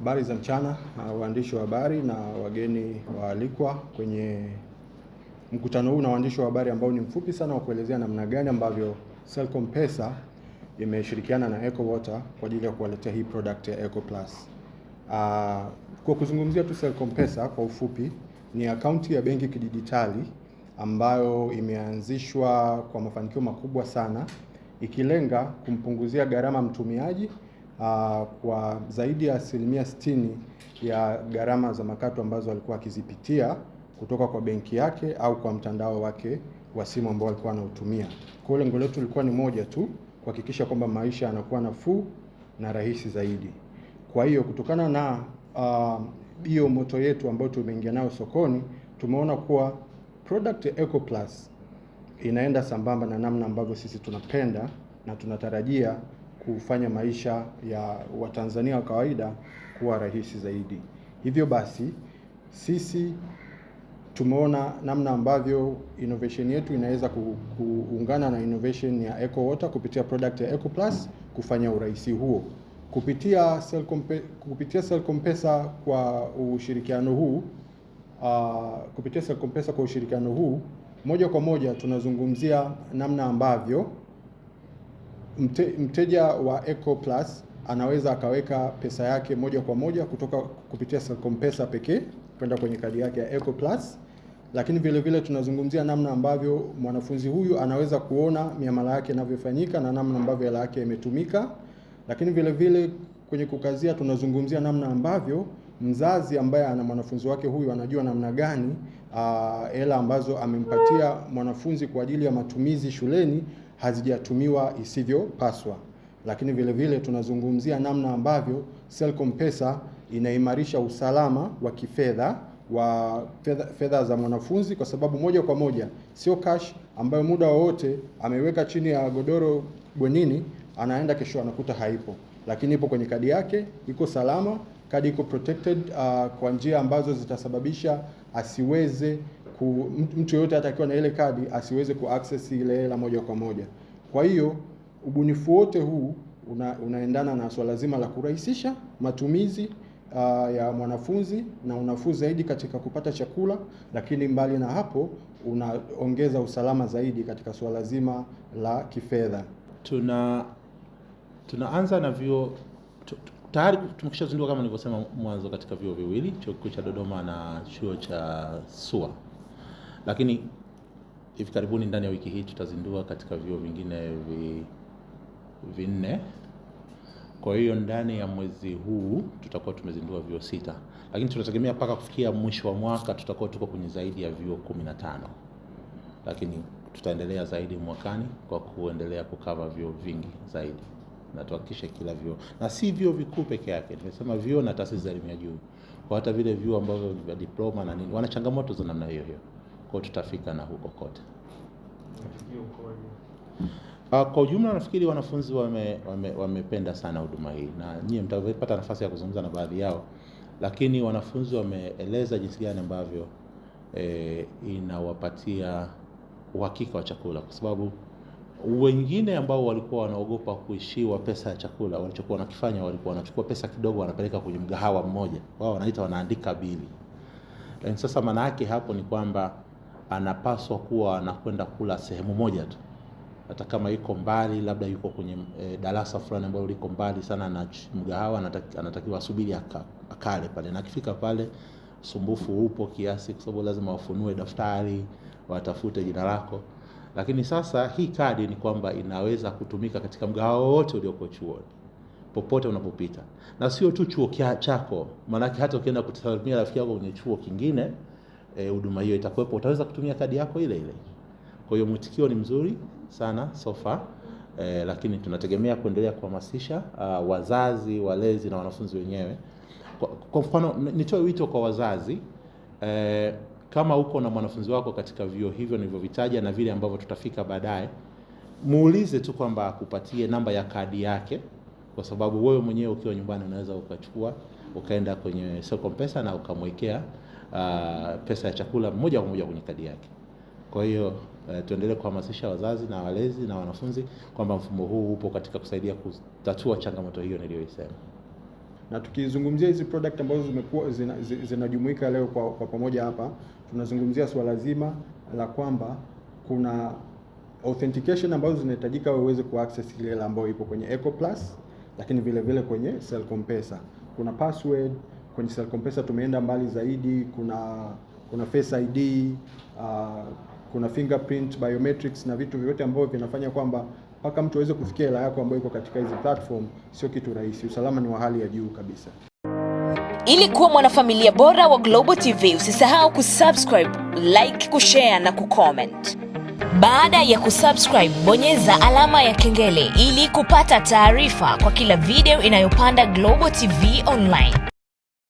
Habari za mchana waandishi wa habari na wageni waalikwa kwenye mkutano huu na waandishi wa habari ambao ni mfupi sana wa kuelezea namna gani ambavyo Selcom Pesa imeshirikiana na Eco Water kwa ajili ya kuwaletea hii product ya Eco Plus. Uh, kwa kuzungumzia tu Selcom Pesa kwa ufupi, ni akaunti ya benki kidijitali ambayo imeanzishwa kwa mafanikio makubwa sana ikilenga kumpunguzia gharama mtumiaji uh, kwa zaidi ya asilimia sitini ya gharama za makato ambazo alikuwa akizipitia kutoka kwa benki yake au kwa mtandao wake wa simu ambao alikuwa anautumia. Kwa hiyo lengo letu lilikuwa ni moja tu, kuhakikisha kwamba maisha yanakuwa nafuu na rahisi zaidi. Kwa hiyo kutokana na ah, hiyo uh, moto yetu ambayo tumeingia nayo sokoni, tumeona kuwa product Eco Plus inaenda sambamba na namna ambavyo sisi tunapenda na tunatarajia kufanya maisha ya Watanzania wa kawaida kuwa rahisi zaidi. Hivyo basi sisi tumeona namna ambavyo innovation yetu inaweza ku, kuungana na innovation ya Eco Water kupitia product ya Eco Plus kufanya urahisi huo kupitia Selcom, kupitia Selcom kwa ushirikiano huu uh, kupitia Selcom kwa ushirikiano huu moja kwa moja tunazungumzia namna ambavyo mte, mteja wa Eco Plus anaweza akaweka pesa yake moja kwa moja kutoka kupitia Selcom Pesa pekee kwenda kwenye kadi yake ya Eco Plus, lakini vile vile tunazungumzia namna ambavyo mwanafunzi huyu anaweza kuona miamala yake inavyofanyika na namna ambavyo hela yake imetumika, lakini vile vile kwenye kukazia tunazungumzia namna ambavyo mzazi ambaye ana mwanafunzi wake huyu anajua namna gani hela ambazo amempatia mwanafunzi kwa ajili ya matumizi shuleni hazijatumiwa isivyopaswa. Lakini vile vile tunazungumzia namna ambavyo Selcom Pesa inaimarisha usalama wa kifedha wa fedha, fedha za mwanafunzi kwa sababu moja kwa moja sio cash ambayo muda wowote ameweka chini ya godoro bwenini, anaenda kesho anakuta haipo, lakini ipo kwenye kadi yake, iko salama, kadi iko protected uh, kwa njia ambazo zitasababisha asiweze ku, mtu yoyote atakiwa na ile kadi asiweze kuaccess ile hela moja kwa moja. Kwa hiyo ubunifu wote huu una, unaendana na swala zima la kurahisisha matumizi uh, ya mwanafunzi na unafuu zaidi katika kupata chakula, lakini mbali na hapo unaongeza usalama zaidi katika swala zima la kifedha. Tuna tunaanza na vyuo tayari tumekishazindua kama nilivyosema mwanzo katika vyuo viwili, chuo kikuu cha Dodoma na chuo cha SUA. Lakini hivi karibuni ndani ya wiki hii tutazindua katika vyuo vingine vi, vinne. Kwa hiyo ndani ya mwezi huu tutakuwa tumezindua vyuo sita, lakini tunategemea mpaka kufikia mwisho wa mwaka tutakuwa tuko kwenye zaidi ya vyuo kumi na tano, lakini tutaendelea zaidi mwakani kwa kuendelea kukava vyuo vingi zaidi na tuhakikishe kila vyuo na si vyuo vikuu peke yake, nimesema vyuo na taasisi za elimu ya juu, kwa hata vile vyuo ambavyo ni vya diploma na nini, wana changamoto za namna hiyo hiyo kwa tutafika na huko kote. Ah, kwa ujumla nafikiri wanafunzi wame, wame, wamependa sana huduma hii, na nyie mtapata nafasi ya kuzungumza na baadhi yao, lakini wanafunzi wameeleza jinsi gani ambavyo e, inawapatia uhakika wa chakula, kwa sababu wengine ambao walikuwa wanaogopa kuishiwa pesa ya chakula, walichokuwa wanakifanya walikuwa wanachukua pesa kidogo wanapeleka kwenye mgahawa mmoja, wao wanaita wanaandika bili. Sasa maana yake hapo ni kwamba anapaswa kuwa anakwenda kula sehemu moja tu, hata kama iko mbali, labda yuko kwenye e, darasa fulani ambalo liko mbali sana na mgahawa, anatakiwa asubiri akale pale, na akifika pale sumbufu upo kiasi, kwa sababu lazima wafunue daftari, watafute jina lako. Lakini sasa hii kadi ni kwamba inaweza kutumika katika mgahawa wote ulioko chuoni popote unapopita, na sio tu chuo chako, maanake hata ukienda kusalimia rafiki yako kwenye chuo kingine Eh, huduma e, hiyo itakuwepo, utaweza kutumia kadi yako ile ile. Kwa hiyo mwitikio ni mzuri sana so far. E, lakini tunategemea kuendelea kuhamasisha uh, wazazi, walezi na wanafunzi wenyewe. Kwa mfano nitoe wito kwa wazazi e, kama uko na mwanafunzi wako katika vyuo hivyo nilivyovitaja na vile ambavyo tutafika baadaye, muulize tu kwamba akupatie namba ya kadi yake, kwa sababu wewe mwenyewe ukiwa nyumbani unaweza ukachukua ukaenda kwenye Soko Mpesa na ukamwekea uh, pesa ya chakula moja kwa moja kwenye kadi yake. Kwa hiyo uh, tuendelee kuhamasisha wazazi na walezi na wanafunzi kwamba mfumo huu upo katika kusaidia kutatua changamoto hiyo niliyoisema. Na tukizungumzia hizi product ambazo zimekuwa zinajumuika zina leo kwa, kwa pamoja hapa, tunazungumzia swala zima la kwamba kuna authentication ambazo zinahitajika uweze access ile ambayo ipo kwenye Eco Plus, lakini vile vile kwenye Selcom Pesa kuna password kwenye Selcompensa tumeenda mbali zaidi. Kuna kuna Face ID uh, ah, kuna fingerprint biometrics na vitu vyote ambavyo vinafanya kwamba mpaka mtu aweze kufikia hela yako ambayo iko katika hizi platform sio kitu rahisi. Usalama ni wa hali ya juu kabisa. Ili kuwa mwanafamilia bora wa Global TV, usisahau kusubscribe, like, kushare na kucomment. Baada ya kusubscribe, bonyeza alama ya kengele ili kupata taarifa kwa kila video inayopanda Global TV Online.